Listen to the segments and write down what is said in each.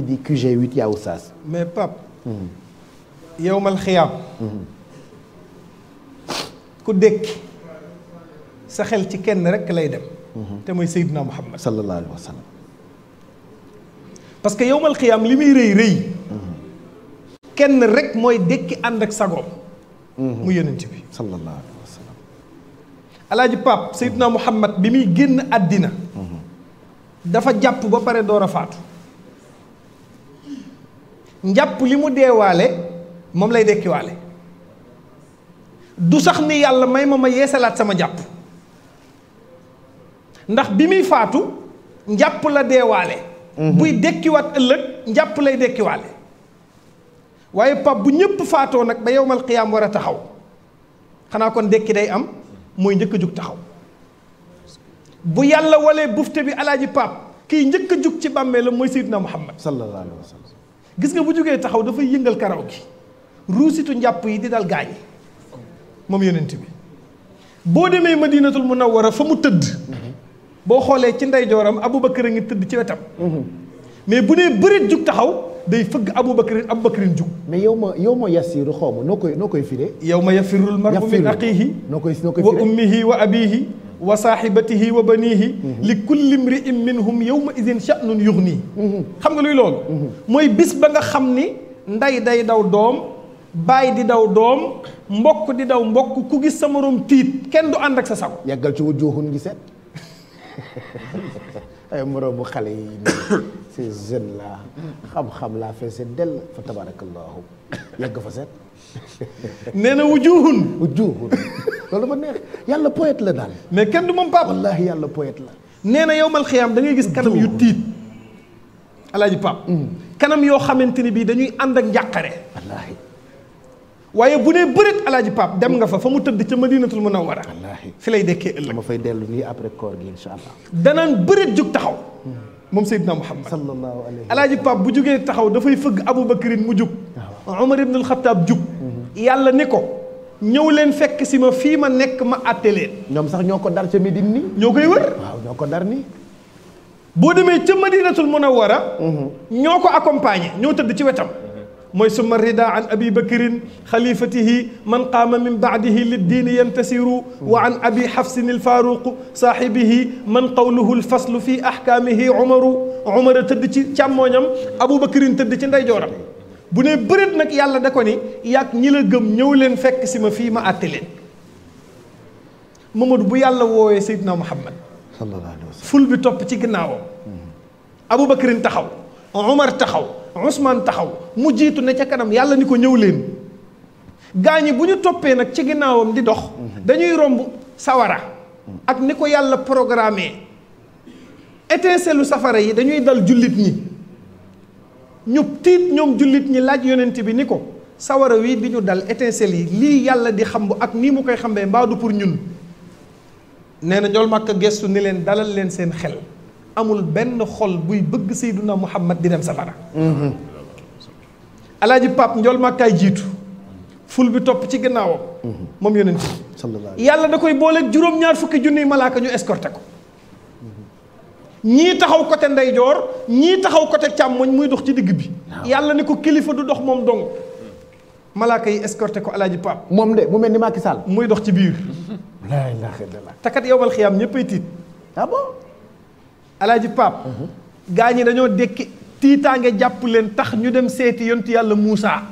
di QG8 yaa mais Pape hmm. yowmal xiyaam hmm. ku dékki sa xel ci kenn rek lay dem hmm. te mooy Seydina Muhammad sallallahu alayhi wa que yowmal xiyaam li muy rëy rëy kenn rek mooy dékki ànd ak sagoom mu yonent bi sallallahu alayhi wa Muhammad bi muy génn àddina dafa jàpp ba pare door a njàpp li mu deewaale moom lay dekkiwaale du sax ni yàlla may ma ma yeesalaat sama njàpp ndax bi muy faatu njàpp la deewaale mhm. buy dekkiwaat ëllëg njàpp lay dekkiwaale waaye pap bu ñëpp faatoo nag ba yowmal qiyaam war a taxaw xanaa kon dekki day am mooy njëkk a jug taxaw bu yàlla walee bufte bi alaaji pap kii njëkk a jug ci la mooy Seydina Muhammad sallallahu alayhi wa sallam gis nga bu jógee taxaw dafay yëngal karaw ki ruusitu njàpp yi di dal gaañ moom yonent bi boo demee ma madinatul munawwara fa mu tëdd boo xoolee ci ndeyjooram abubakar a ngi tëdd ci wetam mais bu nee bëreet jug taxaw day fëgg abubakarin abubakarin jug mais yow ma yow ma yasiru xaw ma noo koy noo koy firee yow ma yafirul mar'u min axiihi noo koy noo koy firee wa ummihi wa wa saaxibatihi wa banihi li kulli mri'in minhum yawma idin sha'nun yughni xam nga luy loolu mooy bis ba nga xam ni ndey day daw doom baay di daw doom mbokk di daw mbokk ku gis sa moroom tiit kenn du ànd ak sa sago yàggal ci wujuhun gi seet ay bu xale yi ces jeunes la xam-xam laa feese dell fa tabarakallahu yàgg fa seet nee na wujuhun loolu ma neex yàlla poète la daal. mais kenn du moom papa. wallaahi yàlla poète nee na yow mal xiyaam da ngay gis kanam yu tiit. alaaji pap mm. kanam yoo xamante ni bii dañuy ànd ak njàqare. waaye bu nee bëreet alaaji pap dem nga fa fa mu tëdd ca madinatul munawwara. wallaahi fi lay dekkee ëllëg. ma fay dellu nii après koor gi incha allah. danaan bëreet jug taxaw. moom Seydina Muhammad sallallahu alayhi alaaji pap bu jugee taxaw dafay fëgg Aboubacrine mu jug. waaw Omar ibn al Khattab jug. Mm-hmm. yàlla ni ko. ñëw leen fekk si ma fii ma nekk ma àtte leen. ñoom sax ñoo ko dar ca Médine nii. ñoo koy wër waaw ñoo ko dar nii. boo demee ca Madinatul Munawwara. Mhm. ñoo ko accompagner ñoo tëdd ci wetam. Mhm. mooy summa rida an abi bakrin xalifatihi man qaama min baadihi liddiini yantasiru mhm. wa an abi xafsin alfaaruq saaxibihi man qawluhu alfaslu fi axkaamihi umaru umara tëdd ci càmmooñam abou bakrin tëdd ci ndeyjooram bu ne bëreet nag yàlla da ko ni yàgg ñi la gëm ñëw leen fekk si ma fii ma àtte leen Mamadou bu yàlla woowee Seydina Muhammad sallallahu alayhi wa ful bi topp ci ginnaawam hmm. Aboubacarin taxaw Omar taxaw Ousmane taxaw mu jiitu ne ca kanam yàlla ni ko ñëw leen gaañi bu ñu toppee nag ci ginnaawam di dox hmm. dañuy romb sawara hmm. ak ni ko yàlla programmé étincelle safara yi dañuy dal jullit ñi ñu tiit ñoom jullit ñi laaj yonent bi ni ko sawara wi di ñu dal étincelle yi lii yàlla di xambu ak nii mu koy xambee mbaadu pour ñun nee na ñool màkk gestu ni leen dalal leen seen xel amul benn xol buy bëgg sayduna muhammad di dem safara mm-hmm. alaaji pap njool màkkaay jiitu ful bi topp ci gannaawam mm-hmm. moom yonent bi yàlla da koy booleeg juróom-ñaar fukki junniy malaaka ñu escorté ko ñii taxaw côté ndeyjoor ñii taxaw côté càmmoñ muy dox ci digg bi. yàlla ni ko kilifa du dox moom dong. malaaka yi escorté ko alaaji Paap. moom de mu mel ni Macky Sall. muy dox ci biir. laa ilaaha illallaah. te kat yowmal xiyaam ñëppay tiit. Ah alaaji Paap. Mhm. gaa ñi dañoo dékki tiitaange jàpp leen tax ñu dem seeti yontu yàlla Moussa.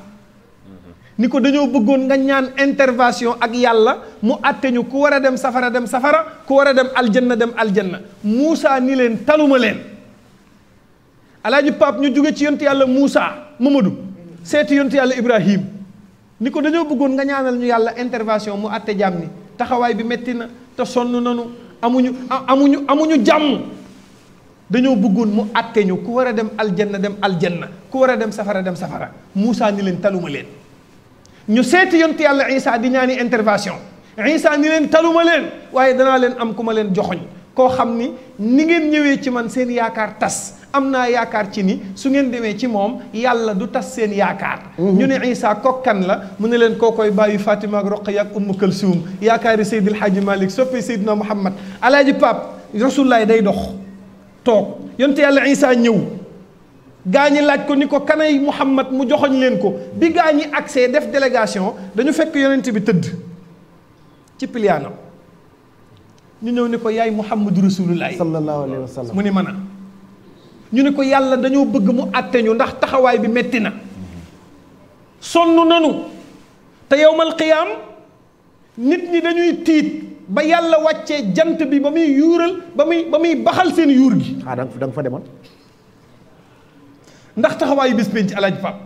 ni ko dañoo bëggoon nga ñaan intervention ak yàlla mu àtte ñu ku war a dem safara dem safara ku war a dem aljanna dem aljanna Moussa ni leen taluma leen alaaji Pape ñu jóge ci yontu yàlla Moussa Mamadou seeti yontu yàlla Ibrahim ni ko dañoo bëggoon nga ñaanal ñu yàlla intervention mu àtte jàmm ni taxawaay bi metti na te sonn nanu amuñu amuñu amuñu jàmm dañoo bëggoon mu àtte ñu ku war a dem aljanna dem aljanna ku war a dem safara dem safara Moussa ni leen taluma leen ñu seeti yontu yàlla Isa di ñaani intervention Isa ni leen taluma leen waaye danaa leen am ku ma leen joxoñ koo xam ni ni ngeen ñëwee ci man seen yaakaar tas am naa yaakaar ci ni su ngeen demee ci moom yàlla du tas seen yaakaar mhm. ñu ne Isa kokkan la mu ne leen koo koy bàyyi Fatima ak Roqaya ak Ummu Kalsuum yaakaari Seydil Haaji Malick soppi Seydina Muhammad alaaji Pape Rasulullaay day dox toog yontu yàlla Isa ñëw gaa ñi laaj ko ni ko kanay Muhammad mu joxoñ leen ko bi gaa ñi accès def délégation dañu fekk yonent bi tëdd ci piliyaanam ñu ñëw ni ko yaay Muhammadu Rasulullah sallallahu alayhi wa sallam mu ni mën a ñu ni ko yàlla dañoo bëgg mu àtte ñu ndax taxawaay bi metti na sonn nanu te yowmal qiyaam nit ñi dañuy tiit ba yàlla wàccee jant bi ba muy yuural ba muy ba muy baxal seen yuur gi ah da nga fa demoon ndax taxawaayu bis penc alaaj Pap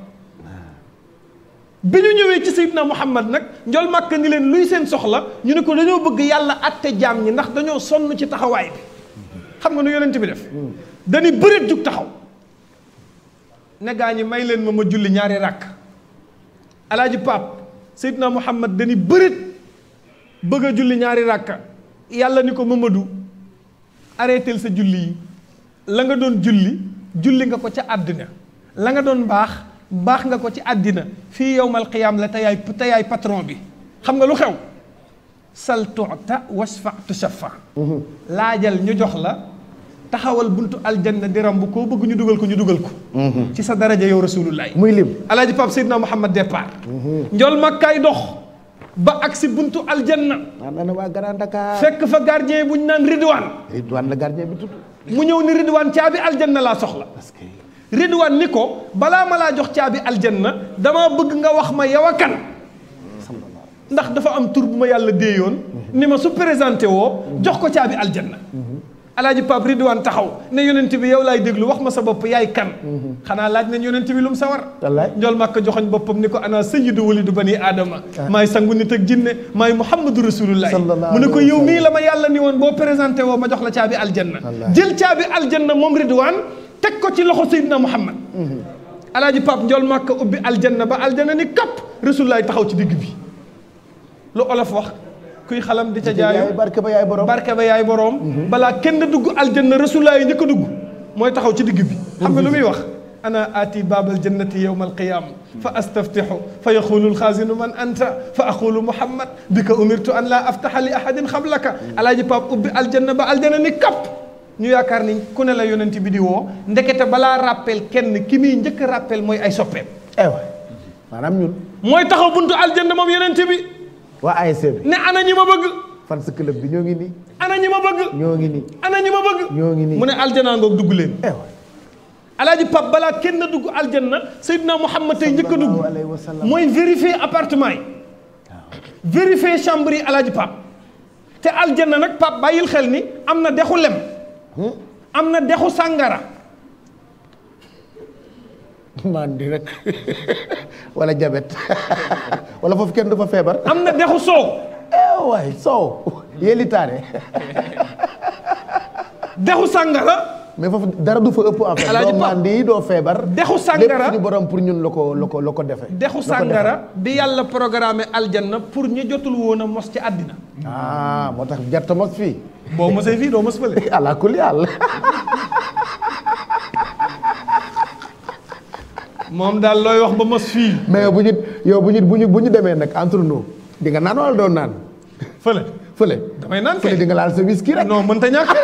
bi ñu ñëwee ci Seydina Muhammad nag njol màkk ni leen luy seen soxla ñu ne ko dañoo bëgg yàlla atte jaam ñi ndax dañoo sonn ci taxawaay bi xam nga nu yonent bi def dañu bëreet jug taxaw ne ñi may leen ma ma julli ñaari ràkk alaaji Pap Seydina Muhammad dañu bëreet bëgg a julli ñaari ràkka yàlla ni ko Mamadou arrêtel sa julli yi la nga doon julli julli nga ko ca àddina la nga doon baax baax nga ko ci àddina fii yowmal qiyaam la tayaay tayaay patron bi xam nga lu xew sal tuuta wasfa tusafa mhm. laajal ñu jox la taxawal buntu aljanna di ramb koo bëgg ñu dugal ko ñu dugal ko mhm. ci sa daraja yow rasulullah muy lim alaaji Pape Seydina Mouhamad départ mhm. njol makkaay dox ba ak si buntu aljanna am na waa Grand fekk fa gardien bu ñu naan Ridwaan Ridwaan la gardien bi tudd mu ñëw ni Ridwaan caabi aljanna laa soxla Ridwaan ni ko balaa ma laa jox caabi aljanna damaa bëgg nga wax ma yow a kan ndax dafa am tur bu ma yàlla déeyoon ni ma su présenté woo jox ko caabi aljanna alaaji Pape Ridwaan taxaw ne yonent bi yow laay déglu wax ma sa bopp yaay kan xanaa laaj nañ yonent bi lu mu sawar njool màkk joxoñ boppam ni ko ana sayyidu walidu bani aadama ah. maay sangu nit ak jinne maay muhammadu rasulullah mu ne ko yow mii la ma yàlla ni woon boo présenté woo ma jox la caabi aljanna jël caabi aljanna moom Ridwaan teg ko ci loxo Seydina Muhammad mhm. alaaji Pape Ndiol Màkka ubbi aljanna ba aljanna ni kapp Rasulullah taxaw ci digg bi lu olof wax kuy xalam di ca jaayu barke ba yaay borom barke ba yaay borom. Mhm. balaa kenn dugg aljanna Rasulullah yi njëkk dugg mooy taxaw ci digg bi. xam nga lu muy wax. ana aati baabal jannati yowmal qiyaama fa astaftixu fa yaqulu alxaazinu man anta fa aqulu muhammad bika umirtu an laa aftaxa li ahadin xablaka mhm. alaaji Pape ubbi aljanna ba ni kapp. ñu yaakaar ni ku ne la yonent bi di woo ndekete balaa rappel kenn ki muy njëkk rappel mooy ay soppeem ewa maanaam ñun mooy taxaw buntu aljanna moom yonent bi waa ay bi ne ana ñi ma bëgg fan sa club bi ñoo ngi nii ana ñi ma bëgg ñoo ngi nii ana ñi ma bëgg ñoo ngi nii mu ne aljanna ngoog dugg leen ewa alaaji pap balaa kenn dugg mu Seydina ma tey njëkk a dugg mooy vérifier appartement yi vérifier chambre yi alaaji pap te aljanna nag pap bàyyil xel ni am na dexu lem Hmm? am na dexu sàngara man di rek wala jabet wala foofu kenn du fa feebar am na dexu soow eh, waay soow yelli taane dexu sàngara mais foofu dara du fa ëpp affaire. alaaji doo doo feebar. dexu sàngara borom pour ñun la ko la ko la ko defee. dexu sàngara bi yàlla programmé aljanna pour ñu jotul woon a mos ci àddina. ah moo tax jarta mos boo mosee fii doo mos fële. allah kulli moom daal looy wax ba mos fii. mais bu ñu yow bu ñu bu ñu bu ñu demee nag entre nous di nga naan wala doo naan. fële. fële damay naan fële di laal sa whisky rek. non mënta ñàkk.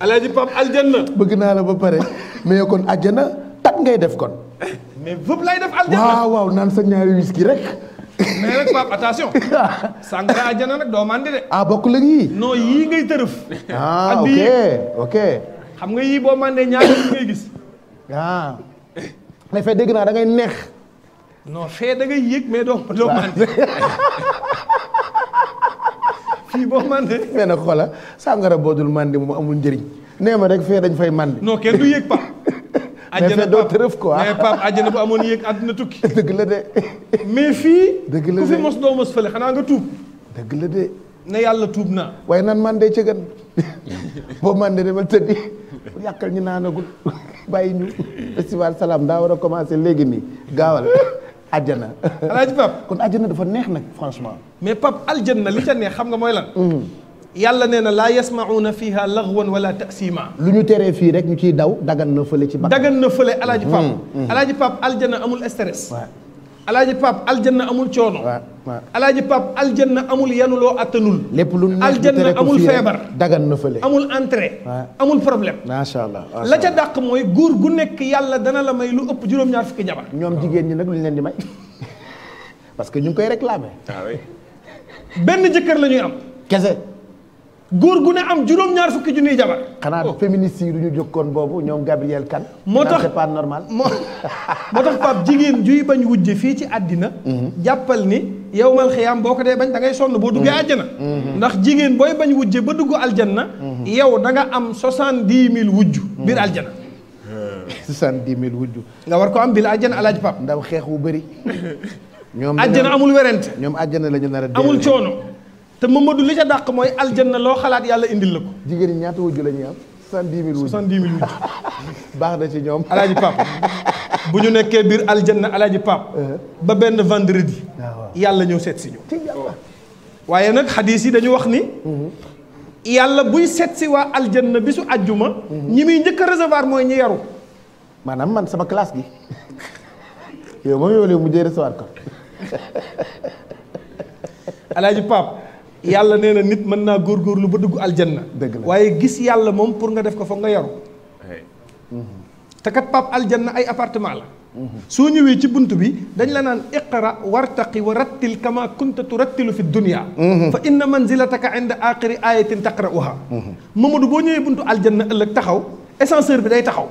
alaaji Pape aljanna. bëgg naa la ba pare mais kon aljanna tat ngay def kon. mais vëpp lay def aljanna waaw waaw naan sa ñaari whisky rek. mais rek Pape attention. Ah. sangara aljanna nag doo màndi de. ah bokk la yii. yii ngay tërëf. Ah, ok ok xam nga yii boo màndee ñaari yi ngay ah. da ngay neex. da ngay yëg mais doo doo fii boo màndi mais nag xoola sàngara boo dul màndi mu amul njëriñ nee ma rek fee dañ fay màndi noo kenn du yëg pap àjjana doo tërëf quoi mais pap bu amoon yëg àdduna tukki dëgg la de mais fii dëgg la de ku fi mos doo mos fële xanaa nga tuub dëgg la de na yàlla tuub naa waaye nan màndee ca gën boo màndee demal tëddi yàqal ñu naanagul bàyyi ñu festival salaam daa war a commencé léegi nii gaawal àjjana. alaaji Pape kon àjjana dafa neex nag franchement. mais Pape aljanna li ca neex xam nga mooy lan. Mm. yàlla nee na laa yasmauna fiha lagwan wala tasima lu ñu teree fii rek ñu ciy daw dagan na fële ci. bakkan dagan na fële alaaji mm. Pape. Mm. alaaji Pape aljana amul stress. alaaji Pape aljanna amul coono. waaw waaw alaaji Pape aljanna amul yanuloo attanul. lépp lu aljanna amul feebar. daggan na fële amul entrée. amul problème. macha allah la ca dàq mooy góor gu nekk yàlla dana la may lu ëpp juróom-ñaar fukki jabar. ñoom jigéen ñi nag lu ñu leen di may parce que ñu ngi koy réclamer. Ah benn jëkkër lañuy am. kese. góor gu ne am juróom-ñaar fukki ju junniy jabar. xanaa oh. féministes yi du ñu jokkoon boobu ñoom Gabriel kan moo tax c'est pas normal. moo tax Pape jigéen juy bañ wujje fii ci àddina. Mhm. jàppal ni yow mal xiyaam boo ko dee bañ da ngay sonn boo duggee mhm. àjjana. Mhm. ndax jigéen booy bañ wujje ba dugg aljanna. yow da nga am soixante-dix mille wujju. biir aljana soixante-dix mille wujju. nga war ko am biir aljana alaaj Pape. ndaw xeex wu bëri. ñoom àjjana amul werante. ñoom àjjana la ñu nar a amul coono. te Mamadou li ca dàq mooy aljanna loo xalaat yàlla indil la ko. jigéen ñi ñaata wujju la ñuy am. soixante-dix mille wujju soixante-dix mille baax na ci ñoom. alaaji Pape bu ñu nekkee biir aljanna alaaji Pape. Uh-huh. ba benn vendredi. Ah, yàlla ñëw seet si ñu. waaye nag xadiis yi dañu wax ni. Uh-huh. yàlla buy seet si waa aljanna bisu àjjuma. Uh-huh. ñi muy njëkk a recevoir mooy ñu yaru. maanaam man sama classe gi. yow moom yow léegi mu jëriñ recevoir ko. alaaji Pape. yàlla nee na nit mën naa lu ba dugg aljanna. dëgg waaye gis yàlla moom pour nga def ko foog nga yaru. te kat pap aljanna ay apartement la. Mm-hmm. soo ñëwee ci bunt bi dañ la naan iqra wartaqi wa rattil kama kunta turattilu fi dunia mm-hmm. fa inna manzilataka inda aaxiri ayatin taqra'uha mm-hmm. Mamadou boo ñëwee buntu aljanna ëllëg taxaw ascenseur bi day taxaw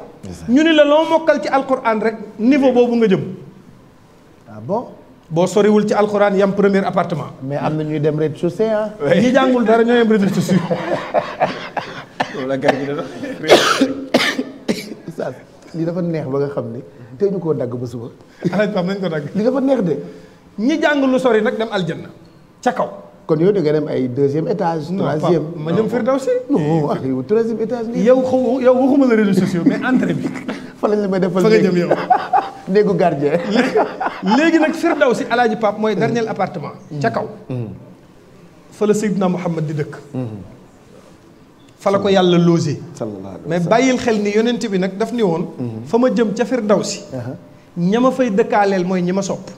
ñu ni la loo mokkal ci alquran rek niveau boobu nga jëm ah boo soriwul ci alxuraan yam premier appartement. mais am na ñuy dem rez-de-chaussée ah. ñi jàngul dara ñoo yem rez-de-chaussée. la gars yi li dafa neex ba nga xam ne tey ñu koo dagg ba suba. alaaj pam nañ ko dagg. li dafa neex de. ñi jàng lu sori nag dem aljanna ca kaw. kon yow da nga dem ay deuxième étage. troisième ma jëm Firdawsi. non ah yow troisième étage. yow xaw yow waxuma la réseaux sociaux mais entrée bi. fa lañ la may defal fa nga jëm yow néegu gardien. léegi nag firdaw si alaaji pap mooy dernier appartement. Mm-hmm. ca kaw. Mm-hmm. fa la Seydina Muhammad di dëkk. Mm-hmm. fa la ko yàlla logé. mais bàyyil xel ni yonent bi nag daf ni woon. fa ma jëm ca firdaw si. Uh-huh. ña ma fay dëkkaaleel mooy ñi ma sopp.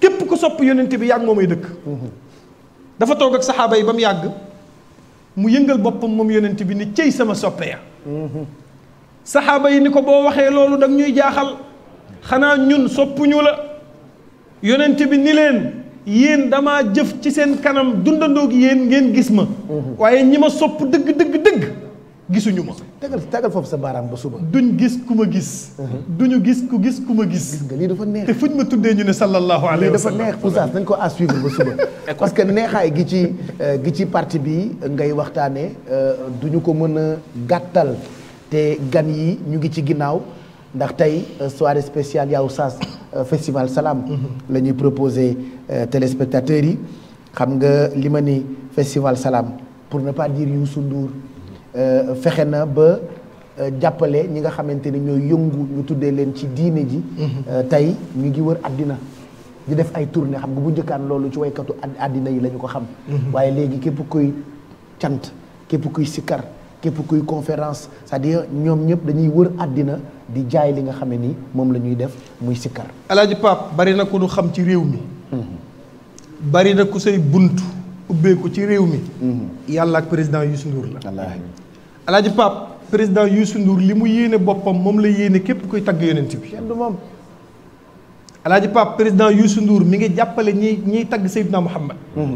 képp ku sopp yonent bi yàgg moo may dëkk. dafa toog ak saxaaba yi ba mu yàgg mu yëngal boppam moom yonent bi ni cëy sama soppe ya saxaaba yi ni ko boo waxee loolu danga ñuy jaaxal xanaa ñun soppuñu la yonent bi ni leen yéen damaa jëf ci seen kanam dundandoog yéen ngeen gis ma mhm. waaye ñi ma sopp dëgg dëgg dëgg gisuñu ma tegal tegal foofu sa baaraam ba suba duñ gis ku ma gis mhm. duñu gis ku gis ku ma gis gis nga lii dafa neex te fuñ ma tuddee ñu ne sallallahu alayhi wa sallam lii dafa neex Oustaz nañ ko à suivre ba suba parce que neexaay gi ci euh, gi ci parti bi ngay waxtaane euh, duñu ko mën a gàttal te gan yi ñu ngi ci ginnaaw ndax tey euh, soirée spécial Yaw Saas euh, festival salaam mhm. lañuy ñuy proposé euh, téléspectateurs yi xam nga li ma ni festival salaam pour ne pas dire Youssou Ndour fexe na ba jàppale ñi nga xamante ni ñooy yëngu ñu tuddee leen ci diine ji mhm. tey ñu ngi wër àddina di def ay tourne xam nga bu njëkkaan loolu ci waykatu àddina yi lañu ko xam mhm. waaye léegi képp kuy cant képp kuy sikkar képp kuy conférence c'est-à-dire ñoom ñëpp dañuy wër àddina di jaay li nga xam ne ni moom la ñuy def muy sikkar alaaji Pape bari na ku nu xam ci réew mi mm-hmm. bari na ku say bunt ubbeeku ci réew mi mm-hmm. yàlla ak président yu Ndour la wallaahi alaaji Pape président Youssou Ndour li mu yéene boppam moom la yéene képp kuy tagg yonent bi kenn du moom alaaji Pape président Youssou Ndour mi ngi jàppale ñi ñiy tagg Seydina Muhammad mm-hmm.